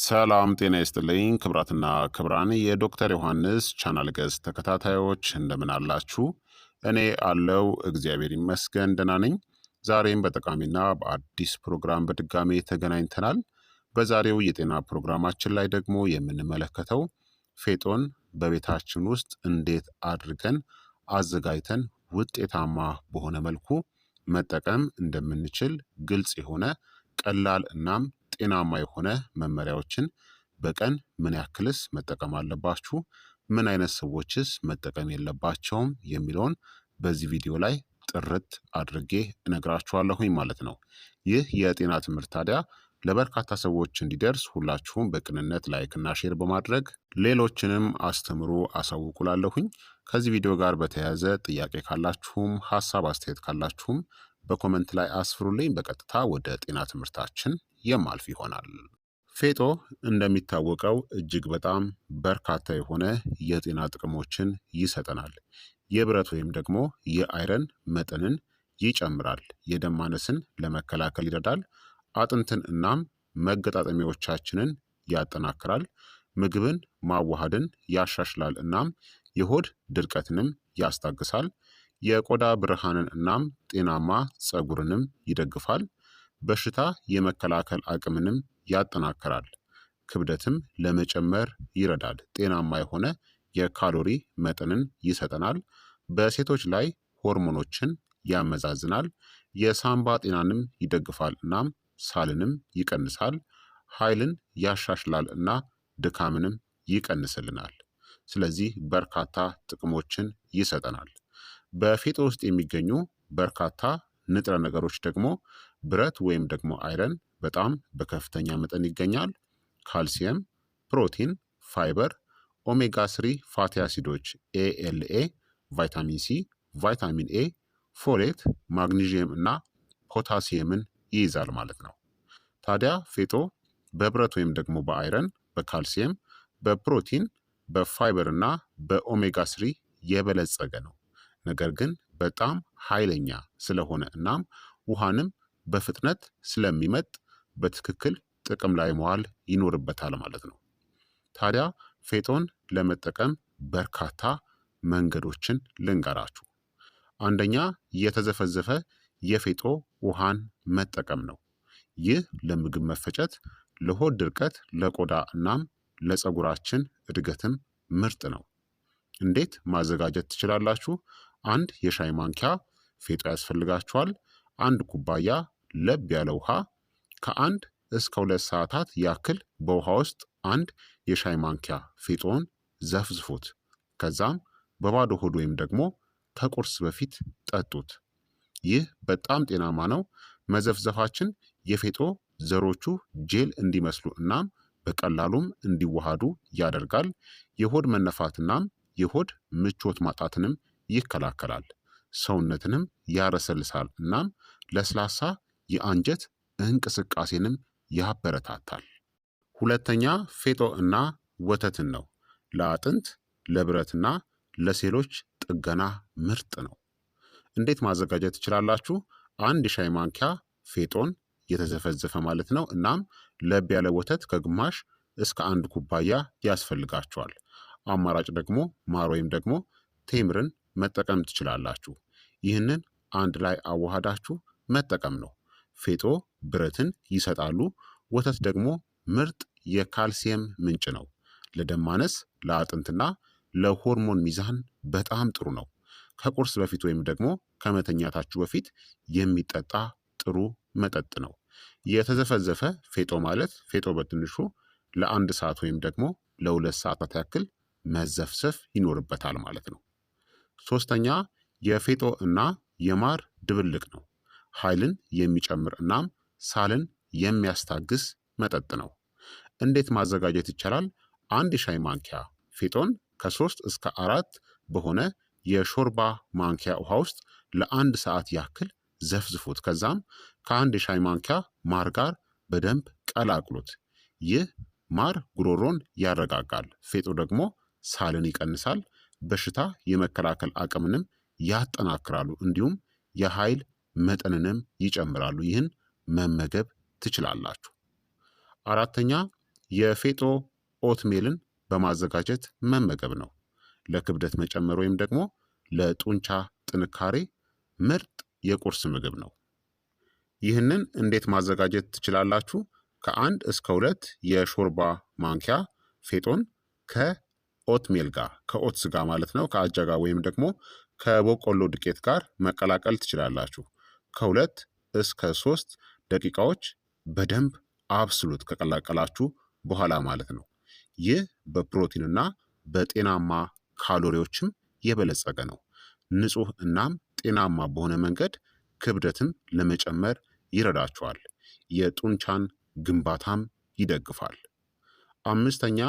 ሰላም ጤና ይስጥልኝ ክብራትና ክብራን የዶክተር ዮሐንስ ቻናል ገጽ ተከታታዮች እንደምን አላችሁ? እኔ አለው እግዚአብሔር ይመስገን ደህና ነኝ። ዛሬም በጠቃሚና በአዲስ ፕሮግራም በድጋሜ ተገናኝተናል። በዛሬው የጤና ፕሮግራማችን ላይ ደግሞ የምንመለከተው ፌጦን በቤታችን ውስጥ እንዴት አድርገን አዘጋጅተን ውጤታማ በሆነ መልኩ መጠቀም እንደምንችል ግልጽ የሆነ ቀላል እናም ጤናማ የሆነ መመሪያዎችን በቀን ምን ያክልስ መጠቀም አለባችሁ፣ ምን አይነት ሰዎችስ መጠቀም የለባቸውም የሚለውን በዚህ ቪዲዮ ላይ ጥርት አድርጌ እነግራችኋለሁኝ ማለት ነው። ይህ የጤና ትምህርት ታዲያ ለበርካታ ሰዎች እንዲደርስ ሁላችሁም በቅንነት ላይክ እና ሼር በማድረግ ሌሎችንም አስተምሩ አሳውቁላለሁኝ። ከዚህ ቪዲዮ ጋር በተያያዘ ጥያቄ ካላችሁም ሀሳብ አስተያየት ካላችሁም በኮመንት ላይ አስፍሩልኝ። በቀጥታ ወደ ጤና ትምህርታችን የማልፍ ይሆናል። ፌጦ እንደሚታወቀው እጅግ በጣም በርካታ የሆነ የጤና ጥቅሞችን ይሰጠናል። የብረት ወይም ደግሞ የአይረን መጠንን ይጨምራል። የደም ማነስን ለመከላከል ይረዳል። አጥንትን እናም መገጣጠሚያዎቻችንን ያጠናክራል። ምግብን ማዋሃድን ያሻሽላል እናም የሆድ ድርቀትንም ያስታግሳል። የቆዳ ብርሃንን እናም ጤናማ ፀጉርንም ይደግፋል። በሽታ የመከላከል አቅምንም ያጠናክራል። ክብደትም ለመጨመር ይረዳል። ጤናማ የሆነ የካሎሪ መጠንን ይሰጠናል። በሴቶች ላይ ሆርሞኖችን ያመዛዝናል። የሳምባ ጤናንም ይደግፋል እናም ሳልንም ይቀንሳል። ኃይልን ያሻሽላል እና ድካምንም ይቀንስልናል። ስለዚህ በርካታ ጥቅሞችን ይሰጠናል። በፌጦ ውስጥ የሚገኙ በርካታ ንጥረ ነገሮች ደግሞ ብረት ወይም ደግሞ አይረን በጣም በከፍተኛ መጠን ይገኛል። ካልሲየም፣ ፕሮቲን፣ ፋይበር፣ ኦሜጋ ስሪ ፋቲ አሲዶች፣ ኤኤልኤ፣ ቫይታሚን ሲ፣ ቫይታሚን ኤ፣ ፎሌት፣ ማግኒዥየም እና ፖታሲየምን ይይዛል ማለት ነው። ታዲያ ፌጦ በብረት ወይም ደግሞ በአይረን፣ በካልሲየም፣ በፕሮቲን፣ በፋይበር እና በኦሜጋ ስሪ የበለጸገ ነው። ነገር ግን በጣም ኃይለኛ ስለሆነ እናም ውሃንም በፍጥነት ስለሚመጥ በትክክል ጥቅም ላይ መዋል ይኖርበታል ማለት ነው። ታዲያ ፌጦን ለመጠቀም በርካታ መንገዶችን ልንገራችሁ። አንደኛ የተዘፈዘፈ የፌጦ ውሃን መጠቀም ነው። ይህ ለምግብ መፈጨት፣ ለሆድ ድርቀት፣ ለቆዳ እናም ለፀጉራችን እድገትም ምርጥ ነው። እንዴት ማዘጋጀት ትችላላችሁ? አንድ የሻይ ማንኪያ ፌጦ ያስፈልጋችኋል። አንድ ኩባያ ለብ ያለ ውሃ ከአንድ እስከ ሁለት ሰዓታት ያክል በውሃ ውስጥ አንድ የሻይ ማንኪያ ፌጦውን ዘፍዝፉት። ከዛም በባዶ ሆድ ወይም ደግሞ ከቁርስ በፊት ጠጡት። ይህ በጣም ጤናማ ነው። መዘፍዘፋችን የፌጦ ዘሮቹ ጄል እንዲመስሉ እናም በቀላሉም እንዲዋሃዱ ያደርጋል። የሆድ መነፋትናም የሆድ ምቾት ማጣትንም ይከላከላል፣ ሰውነትንም ያረሰልሳል። እናም ለስላሳ የአንጀት እንቅስቃሴንም ያበረታታል። ሁለተኛ ፌጦ እና ወተትን ነው። ለአጥንት ለብረትና ለሴሎች ጥገና ምርጥ ነው። እንዴት ማዘጋጀት ትችላላችሁ? አንድ ሻይ ማንኪያ ፌጦን የተዘፈዘፈ ማለት ነው። እናም ለብ ያለ ወተት ከግማሽ እስከ አንድ ኩባያ ያስፈልጋቸዋል። አማራጭ ደግሞ ማር ወይም ደግሞ ቴምርን መጠቀም ትችላላችሁ። ይህንን አንድ ላይ አዋሃዳችሁ መጠቀም ነው። ፌጦ ብረትን ይሰጣሉ። ወተት ደግሞ ምርጥ የካልሲየም ምንጭ ነው። ለደም ማነስ፣ ለአጥንትና ለሆርሞን ሚዛን በጣም ጥሩ ነው። ከቁርስ በፊት ወይም ደግሞ ከመተኛታችሁ በፊት የሚጠጣ ጥሩ መጠጥ ነው። የተዘፈዘፈ ፌጦ ማለት ፌጦ በትንሹ ለአንድ ሰዓት ወይም ደግሞ ለሁለት ሰዓታት ያክል መዘፍሰፍ ይኖርበታል ማለት ነው። ሶስተኛ የፌጦ እና የማር ድብልቅ ነው። ኃይልን የሚጨምር እናም ሳልን የሚያስታግስ መጠጥ ነው። እንዴት ማዘጋጀት ይቻላል? አንድ የሻይ ማንኪያ ፌጦን ከሶስት እስከ አራት በሆነ የሾርባ ማንኪያ ውሃ ውስጥ ለአንድ ሰዓት ያክል ዘፍዝፉት። ከዛም ከአንድ የሻይ ማንኪያ ማር ጋር በደንብ ቀላቅሉት። ይህ ማር ጉሮሮን ያረጋጋል፣ ፌጦ ደግሞ ሳልን ይቀንሳል። በሽታ የመከላከል አቅምንም ያጠናክራሉ፣ እንዲሁም የኃይል መጠንንም ይጨምራሉ። ይህን መመገብ ትችላላችሁ። አራተኛ የፌጦ ኦትሜልን በማዘጋጀት መመገብ ነው። ለክብደት መጨመር ወይም ደግሞ ለጡንቻ ጥንካሬ ምርጥ የቁርስ ምግብ ነው። ይህንን እንዴት ማዘጋጀት ትችላላችሁ? ከአንድ እስከ ሁለት የሾርባ ማንኪያ ፌጦን ከ ከኦትሜል ጋር ከኦትስ ጋር ማለት ነው ከአጃ ጋር ወይም ደግሞ ከቦቆሎ ዱቄት ጋር መቀላቀል ትችላላችሁ። ከሁለት እስከ ሶስት ደቂቃዎች በደንብ አብስሉት ከቀላቀላችሁ በኋላ ማለት ነው። ይህ በፕሮቲንና በጤናማ ካሎሪዎችም የበለጸገ ነው። ንጹህ እናም ጤናማ በሆነ መንገድ ክብደትም ለመጨመር ይረዳችኋል። የጡንቻን ግንባታም ይደግፋል። አምስተኛ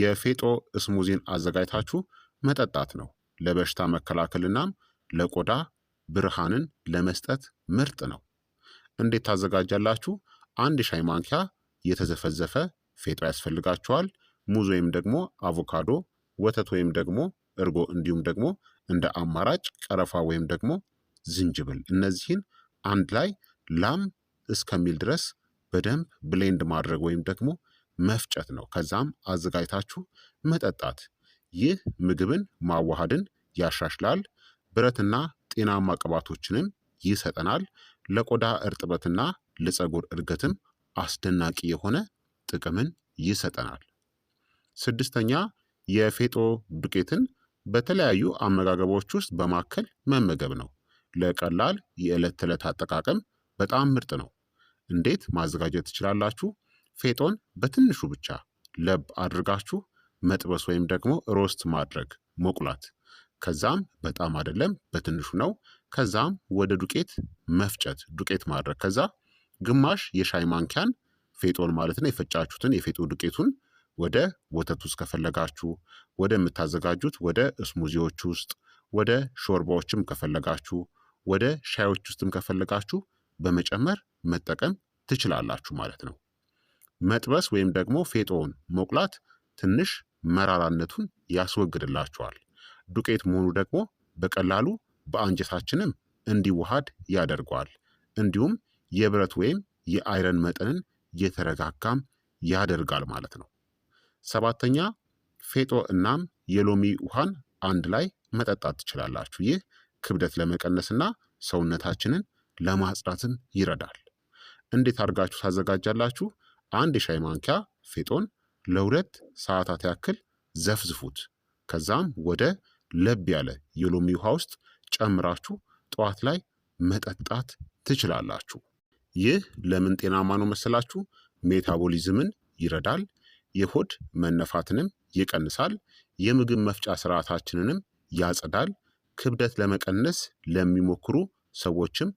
የፌጦ እስሙዚን አዘጋጅታችሁ መጠጣት ነው። ለበሽታ መከላከልናም ለቆዳ ብርሃንን ለመስጠት ምርጥ ነው። እንዴት ታዘጋጃላችሁ? አንድ ሻይ ማንኪያ የተዘፈዘፈ ፌጦ ያስፈልጋችኋል። ሙዝ ወይም ደግሞ አቮካዶ፣ ወተት ወይም ደግሞ እርጎ፣ እንዲሁም ደግሞ እንደ አማራጭ ቀረፋ ወይም ደግሞ ዝንጅብል። እነዚህን አንድ ላይ ላም እስከሚል ድረስ በደንብ ብሌንድ ማድረግ ወይም ደግሞ መፍጨት ነው። ከዛም አዘጋጅታችሁ መጠጣት። ይህ ምግብን ማዋሃድን ያሻሽላል። ብረትና ጤናማ ቅባቶችንም ይሰጠናል። ለቆዳ እርጥበትና ለፀጉር እድገትም አስደናቂ የሆነ ጥቅምን ይሰጠናል። ስድስተኛ የፌጦ ዱቄትን በተለያዩ አመጋገቦች ውስጥ በማከል መመገብ ነው። ለቀላል የዕለት ተዕለት አጠቃቀም በጣም ምርጥ ነው። እንዴት ማዘጋጀት ትችላላችሁ? ፌጦን በትንሹ ብቻ ለብ አድርጋችሁ መጥበስ ወይም ደግሞ ሮስት ማድረግ መቁላት፣ ከዛም በጣም አይደለም በትንሹ ነው። ከዛም ወደ ዱቄት መፍጨት ዱቄት ማድረግ። ከዛ ግማሽ የሻይ ማንኪያን ፌጦን ማለት ነው የፈጫችሁትን የፌጦ ዱቄቱን ወደ ወተት ውስጥ ከፈለጋችሁ ወደ የምታዘጋጁት ወደ እስሙዚዎች ውስጥ ወደ ሾርባዎችም ከፈለጋችሁ ወደ ሻዮች ውስጥም ከፈለጋችሁ በመጨመር መጠቀም ትችላላችሁ ማለት ነው። መጥበስ ወይም ደግሞ ፌጦውን መቁላት ትንሽ መራራነቱን ያስወግድላቸዋል። ዱቄት መሆኑ ደግሞ በቀላሉ በአንጀታችንም እንዲዋሃድ ያደርገዋል። እንዲሁም የብረት ወይም የአይረን መጠንን የተረጋጋም ያደርጋል ማለት ነው። ሰባተኛ ፌጦ እናም የሎሚ ውሃን አንድ ላይ መጠጣት ትችላላችሁ። ይህ ክብደት ለመቀነስና ሰውነታችንን ለማጽዳትም ይረዳል። እንዴት አድርጋችሁ ታዘጋጃላችሁ? አንድ የሻይ ማንኪያ ፌጦን ለሁለት ሰዓታት ያክል ዘፍዝፉት። ከዛም ወደ ለብ ያለ የሎሚ ውሃ ውስጥ ጨምራችሁ ጠዋት ላይ መጠጣት ትችላላችሁ። ይህ ለምን ጤናማ ነው መሰላችሁ? ሜታቦሊዝምን ይረዳል፣ የሆድ መነፋትንም ይቀንሳል፣ የምግብ መፍጫ ስርዓታችንንም ያጸዳል። ክብደት ለመቀነስ ለሚሞክሩ ሰዎችም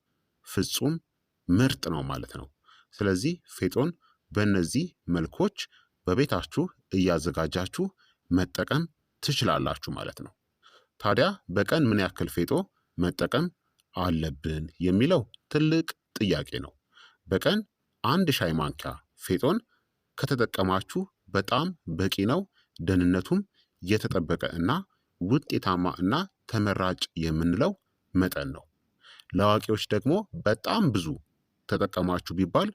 ፍጹም ምርጥ ነው ማለት ነው። ስለዚህ ፌጦን በእነዚህ መልኮች በቤታችሁ እያዘጋጃችሁ መጠቀም ትችላላችሁ ማለት ነው። ታዲያ በቀን ምን ያክል ፌጦ መጠቀም አለብን የሚለው ትልቅ ጥያቄ ነው። በቀን አንድ ሻይ ማንኪያ ፌጦን ከተጠቀማችሁ በጣም በቂ ነው። ደህንነቱም የተጠበቀ እና ውጤታማ እና ተመራጭ የምንለው መጠን ነው። ለአዋቂዎች ደግሞ በጣም ብዙ ተጠቀማችሁ ቢባል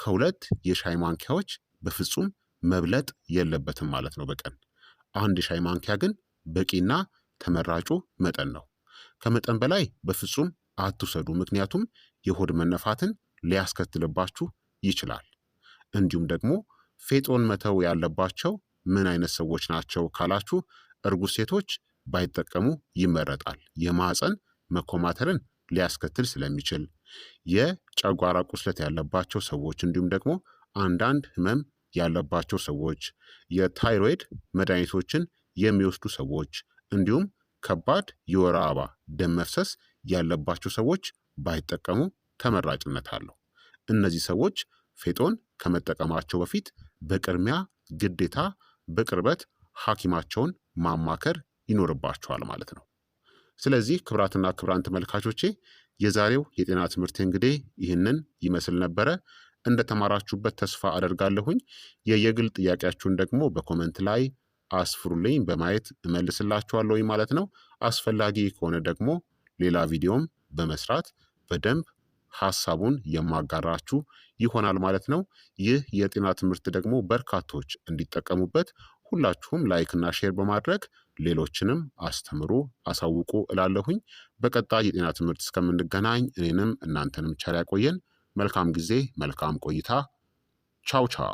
ከሁለት የሻይ ማንኪያዎች በፍጹም መብለጥ የለበትም ማለት ነው በቀን አንድ የሻይ ማንኪያ ግን በቂና ተመራጩ መጠን ነው። ከመጠን በላይ በፍጹም አትውሰዱ፣ ምክንያቱም የሆድ መነፋትን ሊያስከትልባችሁ ይችላል። እንዲሁም ደግሞ ፌጦን መተው ያለባቸው ምን አይነት ሰዎች ናቸው ካላችሁ፣ እርጉዝ ሴቶች ባይጠቀሙ ይመረጣል። የማህፀን መኮማተርን ሊያስከትል ስለሚችል የጨጓራ ቁስለት ያለባቸው ሰዎች እንዲሁም ደግሞ አንዳንድ ህመም ያለባቸው ሰዎች፣ የታይሮይድ መድኃኒቶችን የሚወስዱ ሰዎች እንዲሁም ከባድ የወር አበባ ደም መፍሰስ ያለባቸው ሰዎች ባይጠቀሙ ተመራጭነት አለው። እነዚህ ሰዎች ፌጦን ከመጠቀማቸው በፊት በቅድሚያ ግዴታ በቅርበት ሐኪማቸውን ማማከር ይኖርባቸዋል ማለት ነው። ስለዚህ ክብራትና ክብራን ተመልካቾቼ የዛሬው የጤና ትምህርት እንግዲህ ይህንን ይመስል ነበረ። እንደተማራችሁበት ተስፋ አደርጋለሁኝ። የየግል ጥያቄያችሁን ደግሞ በኮመንት ላይ አስፍሩልኝ በማየት እመልስላችኋለሁኝ ማለት ነው። አስፈላጊ ከሆነ ደግሞ ሌላ ቪዲዮም በመስራት በደንብ ሀሳቡን የማጋራችሁ ይሆናል ማለት ነው። ይህ የጤና ትምህርት ደግሞ በርካቶች እንዲጠቀሙበት ሁላችሁም ላይክና ሼር በማድረግ ሌሎችንም አስተምሩ፣ አሳውቁ እላለሁኝ። በቀጣይ የጤና ትምህርት እስከምንገናኝ እኔንም እናንተንም ቸር ያቆየን። መልካም ጊዜ፣ መልካም ቆይታ። ቻው ቻው።